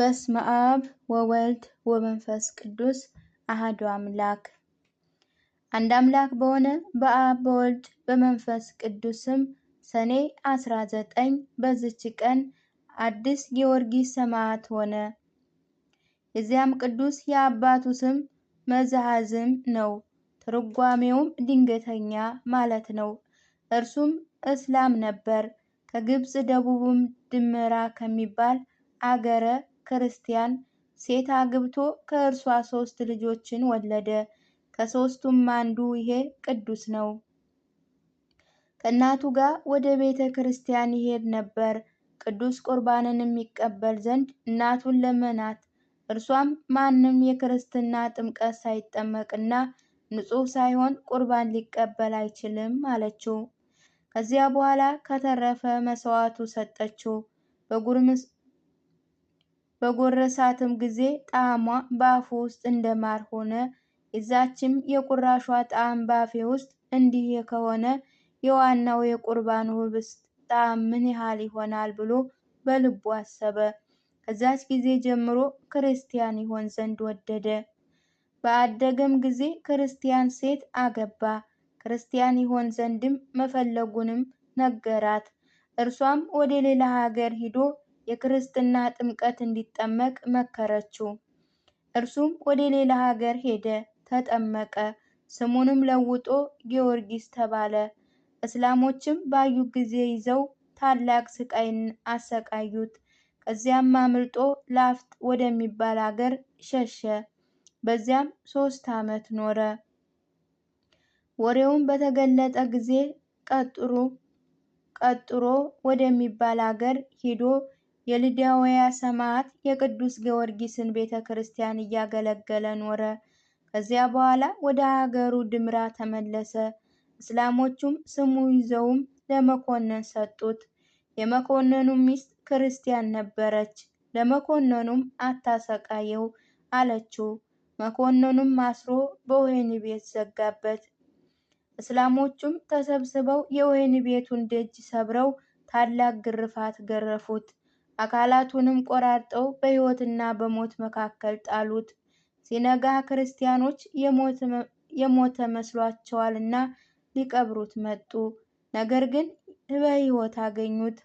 በስመ አብ ወወልድ ወመንፈስ ቅዱስ አህዱ አምላክ አንድ አምላክ በሆነ በአብ በወልድ በመንፈስ ቅዱስም ሰኔ 19 በዝች ቀን አዲስ ጊዮርጊስ ሰማዕት ሆነ። የዚያም ቅዱስ የአባቱ ስም መዛሃዝም ነው። ትርጓሜውም ድንገተኛ ማለት ነው። እርሱም እስላም ነበር። ከግብፅ ደቡብም ድመራ ከሚባል አገረ ክርስቲያን ሴት አግብቶ ከእርሷ ሶስት ልጆችን ወለደ። ከሶስቱም አንዱ ይሄ ቅዱስ ነው። ከእናቱ ጋር ወደ ቤተ ክርስቲያን ይሄድ ነበር። ቅዱስ ቁርባንን የሚቀበል ዘንድ እናቱን ለመናት። እርሷም ማንም የክርስትና ጥምቀት ሳይጠመቅና ንጹሕ ሳይሆን ቁርባን ሊቀበል አይችልም አለችው። ከዚያ በኋላ ከተረፈ መስዋዕቱ ሰጠችው። በጎረሳትም ጊዜ ጣዕሟ በአፉ ውስጥ እንደማር ሆነ። የዛችም የቁራሿ ጣዕም ባፌ ውስጥ እንዲህ ከሆነ የዋናው የቁርባን ህብስት ጣዕም ምን ያህል ይሆናል ብሎ በልቡ አሰበ። ከዛች ጊዜ ጀምሮ ክርስቲያን ይሆን ዘንድ ወደደ። በአደገም ጊዜ ክርስቲያን ሴት አገባ። ክርስቲያን ይሆን ዘንድም መፈለጉንም ነገራት። እርሷም ወደ ሌላ ሀገር ሂዶ የክርስትና ጥምቀት እንዲጠመቅ መከረችው። እርሱም ወደ ሌላ ሀገር ሄደ፣ ተጠመቀ። ስሙንም ለውጦ ጊዮርጊስ ተባለ። እስላሞችም ባዩ ጊዜ ይዘው ታላቅ ስቃይን አሰቃዩት። ከዚያም አምልጦ ላፍት ወደሚባል ሀገር ሸሸ። በዚያም ሶስት ዓመት ኖረ። ወሬውን በተገለጠ ጊዜ ቀጥሮ ቀጥሮ ወደሚባል ሀገር ሂዶ የልዳውያ ሰማዕት የቅዱስ ጊዮርጊስን ቤተ ክርስቲያን እያገለገለ ኖረ። ከዚያ በኋላ ወደ አገሩ ድምራ ተመለሰ። እስላሞቹም ስሙ ይዘውም ለመኮንን ሰጡት። የመኮንኑ ሚስት ክርስቲያን ነበረች። ለመኮንኑም አታሰቃየው አለችው። መኮንኑም አስሮ በወህኒ ቤት ዘጋበት። እስላሞቹም ተሰብስበው የወህኒ ቤቱን ደጅ ሰብረው ታላቅ ግርፋት ገረፉት። አካላቱንም ቆራርጠው በሕይወትና በሞት መካከል ጣሉት። ሲነጋ ክርስቲያኖች የሞተ መስሏቸዋልና ሊቀብሩት መጡ። ነገር ግን በሕይወት አገኙት።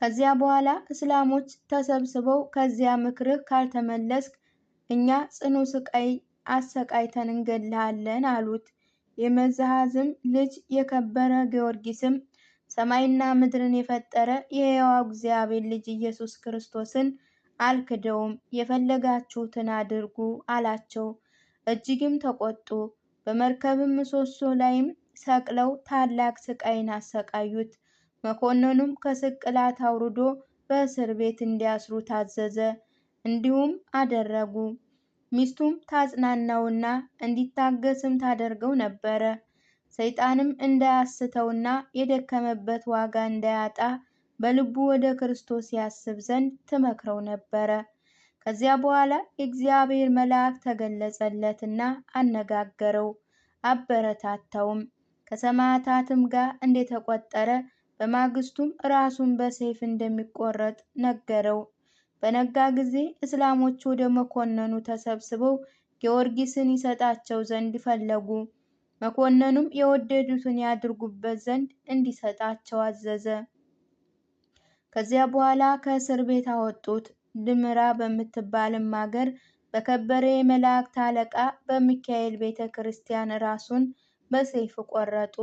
ከዚያ በኋላ እስላሞች ተሰብስበው ከዚያ ምክርህ ካልተመለስክ እኛ ጽኑ ስቃይ አሰቃይተን እንገድልሃለን አሉት። የመዝሐዝም ልጅ የከበረ ጊዮርጊስም ሰማይና ምድርን የፈጠረ የሕያው እግዚአብሔር ልጅ ኢየሱስ ክርስቶስን አልክደውም፣ የፈለጋችሁትን አድርጉ አላቸው። እጅግም ተቆጡ። በመርከብም ምሰሶ ላይም ሰቅለው ታላቅ ስቃይን አሰቃዩት። መኮንኑም ከስቅላት አውርዶ በእስር ቤት እንዲያስሩ ታዘዘ። እንዲሁም አደረጉ። ሚስቱም ታጽናናውና እንዲታገስም ታደርገው ነበረ። ሰይጣንም እንዳያስተውና የደከመበት ዋጋ እንዳያጣ በልቡ ወደ ክርስቶስ ያስብ ዘንድ ትመክረው ነበረ። ከዚያ በኋላ የእግዚአብሔር መልአክ ተገለጸለትና አነጋገረው፣ አበረታታውም። ከሰማዕታትም ጋር እንደተቆጠረ በማግስቱም ራሱን በሰይፍ እንደሚቆረጥ ነገረው። በነጋ ጊዜ እስላሞች ወደ መኮንኑ ተሰብስበው ጊዮርጊስን ይሰጣቸው ዘንድ ፈለጉ። መኮንኑም የወደዱትን ያድርጉበት ዘንድ እንዲሰጣቸው አዘዘ። ከዚያ በኋላ ከእስር ቤት አወጡት። ድምራ በምትባልም አገር በከበረ የመላእክት አለቃ በሚካኤል ቤተ ክርስቲያን ራሱን በሰይፍ ቆረጡ።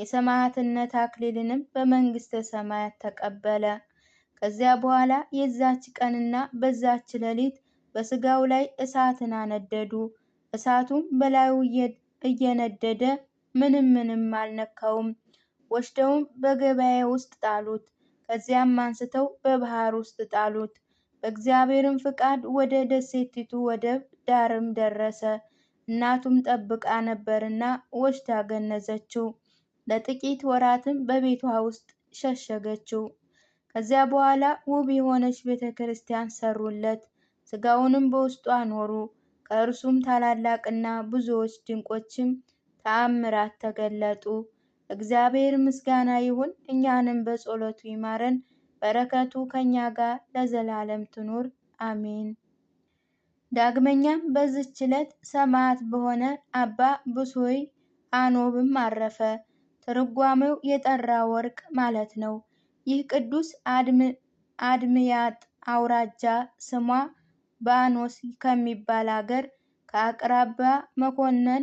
የሰማዕትነት አክሊልንም በመንግሥተ ሰማያት ተቀበለ። ከዚያ በኋላ የዛች ቀንና በዛች ሌሊት በሥጋው ላይ እሳትን አነደዱ። እሳቱም በላዩ እየነደደ ምንም ምንም አልነካውም። ወስደውም በገበያ ውስጥ ጣሉት። ከዚያም አንስተው በባህር ውስጥ ጣሉት። በእግዚአብሔርም ፍቃድ ወደ ደሴቲቱ ወደብ ዳርም ደረሰ። እናቱም ጠብቃ ነበርና ወስዳ ገነዘችው። ለጥቂት ወራትም በቤቷ ውስጥ ሸሸገችው። ከዚያ በኋላ ውብ የሆነች ቤተ ክርስቲያን ሰሩለት። ስጋውንም በውስጡ አኖሩ። ከእርሱም ታላላቅና ብዙዎች ድንቆችም ተአምራት ተገለጡ። እግዚአብሔር ምስጋና ይሁን፣ እኛንም በጸሎቱ ይማረን፣ በረከቱ ከእኛ ጋር ለዘላለም ትኑር አሜን። ዳግመኛም በዚች ዕለት ሰማዕት በሆነ አባ ብሶይ አኖብም አረፈ። ትርጓሜው የጠራ ወርቅ ማለት ነው። ይህ ቅዱስ አድምያጥ አውራጃ ስሟ ባኖስ ከሚባል አገር ከአቅራቢያ መኮንን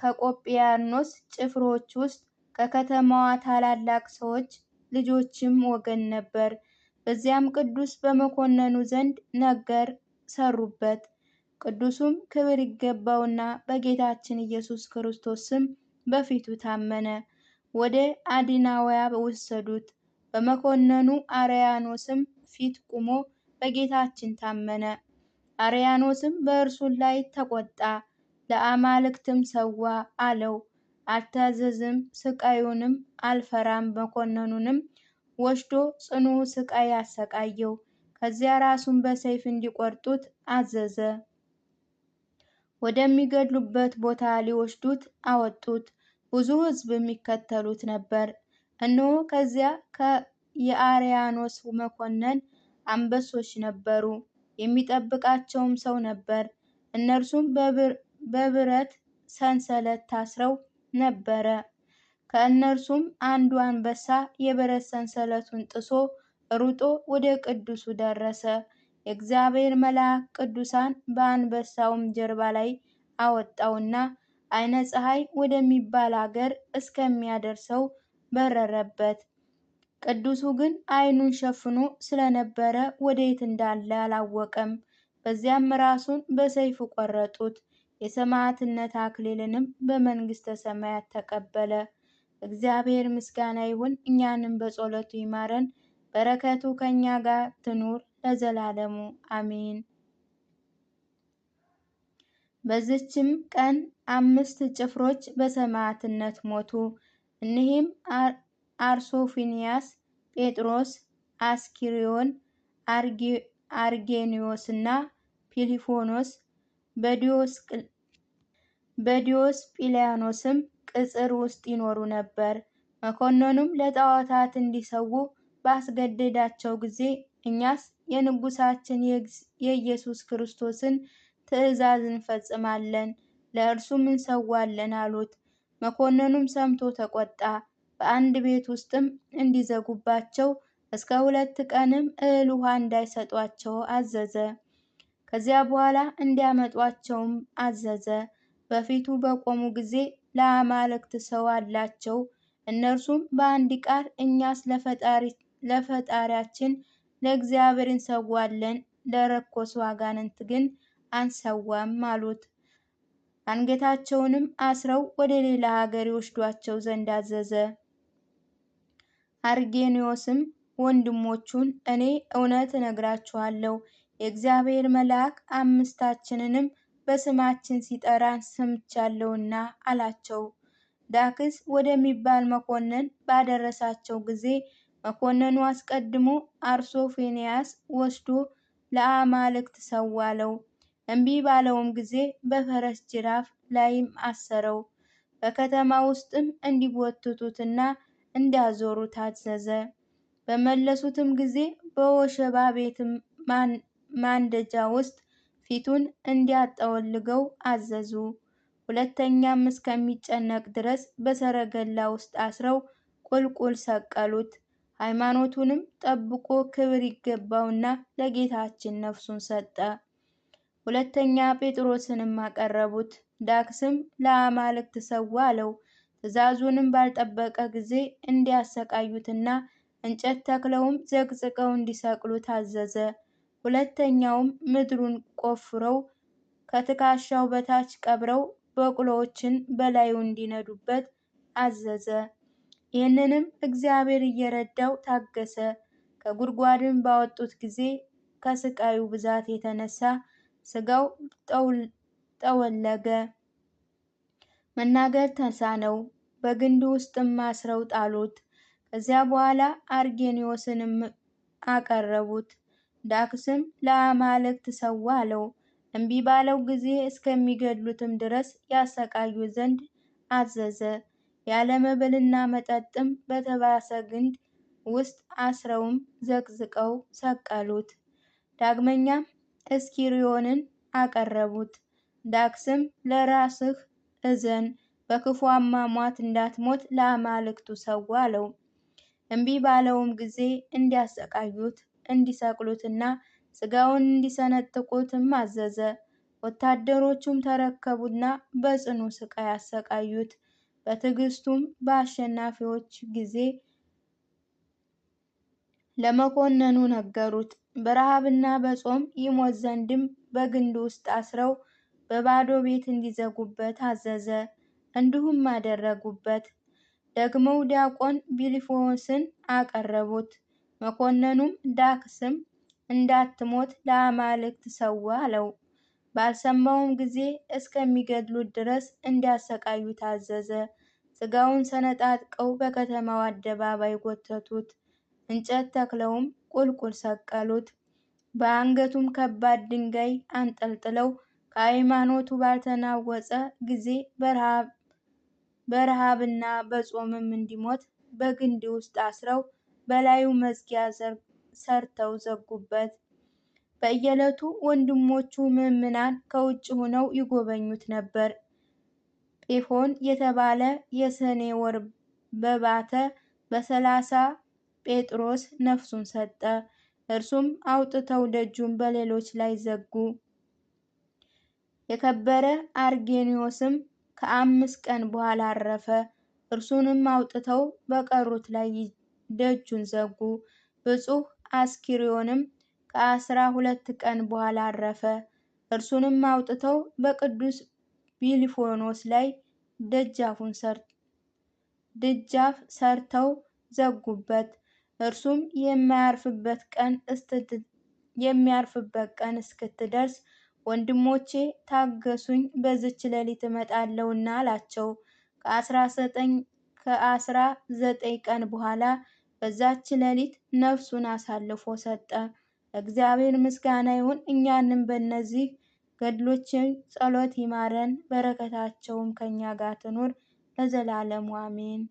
ከቆጵያኖስ ጭፍሮች ውስጥ ከከተማዋ ታላላቅ ሰዎች ልጆችም ወገን ነበር። በዚያም ቅዱስ በመኮንኑ ዘንድ ነገር ሰሩበት። ቅዱሱም ክብር ይገባውና በጌታችን ኢየሱስ ክርስቶስ ስም በፊቱ ታመነ። ወደ አዲናውያ ወሰዱት። በመኮንኑ አርያኖስም ፊት ቆሞ በጌታችን ታመነ። አርያኖስም በእርሱ ላይ ተቆጣ፣ ለአማልክትም ሰዋ አለው። አልታዘዝም፣ ስቃዩንም አልፈራም። መኮንኑንም ወስዶ ጽኑ ስቃይ አሰቃየው። ከዚያ ራሱን በሰይፍ እንዲቆርጡት አዘዘ። ወደሚገድሉበት ቦታ ሊወስዱት አወጡት። ብዙ ህዝብ የሚከተሉት ነበር። እነሆ ከዚያ የአርያኖስ መኮንን አንበሶች ነበሩ። የሚጠብቃቸውም ሰው ነበር። እነርሱም በብረት ሰንሰለት ታስረው ነበረ። ከእነርሱም አንዱ አንበሳ የብረት ሰንሰለቱን ጥሶ ሩጦ ወደ ቅዱሱ ደረሰ። የእግዚአብሔር መልአክ ቅዱሳን በአንበሳውም ጀርባ ላይ አወጣውና አይነ ፀሐይ ወደሚባል አገር እስከሚያደርሰው በረረበት። ቅዱሱ ግን ዓይኑን ሸፍኖ ስለነበረ ወዴት እንዳለ አላወቀም። በዚያም ራሱን በሰይፍ ቆረጡት። የሰማዕትነት አክሊልንም በመንግሥተ ሰማያት ተቀበለ። እግዚአብሔር ምስጋና ይሁን፣ እኛንም በጸሎቱ ይማረን፣ በረከቱ ከእኛ ጋር ትኑር ለዘላለሙ አሚን። በዚችም ቀን አምስት ጭፍሮች በሰማዕትነት ሞቱ። እኒህም አርሶፊኒያስ፣ ጴጥሮስ፣ አስኪሪዮን፣ አርጌኒዎስ እና ፊሊፎኖስ በዲዮስጵልያኖስም ቅጽር ውስጥ ይኖሩ ነበር። መኮንኑም ለጣዖታት እንዲሰዉ ባስገደዳቸው ጊዜ እኛስ የንጉሳችን የኢየሱስ ክርስቶስን ትእዛዝ እንፈጽማለን፣ ለእርሱም እንሰዋለን አሉት። መኮንኑም ሰምቶ ተቆጣ። በአንድ ቤት ውስጥም እንዲዘጉባቸው እስከ ሁለት ቀንም እህል ውሃ እንዳይሰጧቸው አዘዘ። ከዚያ በኋላ እንዲያመጧቸውም አዘዘ። በፊቱ በቆሙ ጊዜ ለአማልክት ሰው አላቸው። እነርሱም በአንድ ቃል እኛስ ለፈጣሪያችን ለእግዚአብሔር እንሰዋለን፣ ለረኮስ አጋንንት ግን አንሰዋም አሉት። አንገታቸውንም አስረው ወደ ሌላ ሀገር ይወስዷቸው ዘንድ አዘዘ። አርጌኒዮስም ወንድሞቹን እኔ እውነት እነግራችኋለሁ የእግዚአብሔር መልአክ አምስታችንንም በስማችን ሲጠራን ሰምቻለሁና አላቸው። ዳክስ ወደሚባል መኮንን ባደረሳቸው ጊዜ መኮንኑ አስቀድሞ አርሶፌንያስ ወስዶ ለአማልክት ሰዋለው። እምቢ ባለውም ጊዜ በፈረስ ጅራፍ ላይም አሰረው። በከተማ ውስጥም እንዲጎትቱትና እንዲያዞሩ ታዘዘ። በመለሱትም ጊዜ በወሸባ ቤት ማንደጃ ውስጥ ፊቱን እንዲያጠወልገው አዘዙ። ሁለተኛም እስከሚጨነቅ ድረስ በሰረገላ ውስጥ አስረው ቁልቁል ሰቀሉት። ሃይማኖቱንም ጠብቆ ክብር ይገባውና ለጌታችን ነፍሱን ሰጠ። ሁለተኛ ጴጥሮስንም አቀረቡት። ዳክስም ለአማልክት ሰዋ አለው። ትዕዛዙንም ባልጠበቀ ጊዜ እንዲያሰቃዩትና እንጨት ተክለውም ዘቅዝቀው እንዲሰቅሉ ታዘዘ። ሁለተኛውም ምድሩን ቆፍረው ከትከሻው በታች ቀብረው በቅሎዎችን በላዩ እንዲነዱበት አዘዘ። ይህንንም እግዚአብሔር እየረዳው ታገሰ። ከጉድጓድም ባወጡት ጊዜ ከስቃዩ ብዛት የተነሳ ስጋው ጠወለገ። መናገር ተሳነው። በግንድ ውስጥም አስረው ጣሉት። ከዚያ በኋላ አርጌኒዮስንም አቀረቡት። ዳክስም ለአማልክት ሰዋ አለው። እምቢ ባለው ጊዜ እስከሚገድሉትም ድረስ ያሰቃዩ ዘንድ አዘዘ። ያለ መብልና መጠጥም በተባሰ ግንድ ውስጥ አስረውም ዘቅዝቀው ሰቀሉት። ዳግመኛም እስኪሪዮንን አቀረቡት። ዳክስም ለራስህ እዘን፣ በክፉ አሟሟት እንዳትሞት ለአማልክቱ ሰው አለው። እምቢ ባለውም ጊዜ እንዲያሰቃዩት እንዲሰቅሉትና ስጋውን እንዲሰነጥቁትም አዘዘ። ወታደሮቹም ተረከቡና በጽኑ ስቃይ አሰቃዩት። በትዕግስቱም በአሸናፊዎች ጊዜ ለመኮንኑ ነገሩት። በረሃብና በጾም ይሞት ዘንድም በግንድ ውስጥ አስረው በባዶ ቤት እንዲዘጉበት አዘዘ። እንዲሁም አደረጉበት። ደግመው ዲያቆን ቢልፎስን አቀረቡት። መኮንኑም ዳክስም እንዳትሞት ለአማልክት ሰዋ አለው። ባልሰማውም ጊዜ እስከሚገድሉት ድረስ እንዲያሰቃዩ ታዘዘ። ስጋውን ሰነጣጥቀው በከተማው አደባባይ ጎተቱት። እንጨት ተክለውም ቁልቁል ሰቀሉት። በአንገቱም ከባድ ድንጋይ አንጠልጥለው ሃይማኖቱ ባልተናወጸ ጊዜ በረሃብና በጾምም እንዲሞት በግንድ ውስጥ አስረው በላዩ መዝጊያ ሰርተው ዘጉበት። በየዕለቱ ወንድሞቹ ምዕመናን ከውጭ ሆነው ይጎበኙት ነበር። ጴፎን የተባለ የሰኔ ወር በባተ በሰላሳ ጴጥሮስ ነፍሱን ሰጠ። እርሱም አውጥተው ደጁን በሌሎች ላይ ዘጉ። የከበረ አርጌኒዮስም ከአምስት ቀን በኋላ አረፈ። እርሱንም አውጥተው በቀሩት ላይ ደጁን ዘጉ። ብፁዕ አስኪሪዮንም ከአስራ ሁለት ቀን በኋላ አረፈ። እርሱንም አውጥተው በቅዱስ ቢሊፎኖስ ላይ ደጃፉን ደጃፍ ሰርተው ዘጉበት። እርሱም የማያርፍበት የሚያርፍበት ቀን እስክትደርስ ወንድሞቼ ታገሱኝ፣ በዝች ሌሊት እመጣለሁና አላቸው። ከአስራ ዘጠኝ ከአስራ ቀን በኋላ በዛች ሌሊት ነፍሱን አሳልፎ ሰጠ። እግዚአብሔር ምስጋና ይሁን። እኛንም በእነዚህ ገድሎችን ጸሎት ይማረን፣ በረከታቸውም ከኛ ጋር ትኑር ለዘላለሙ አሜን።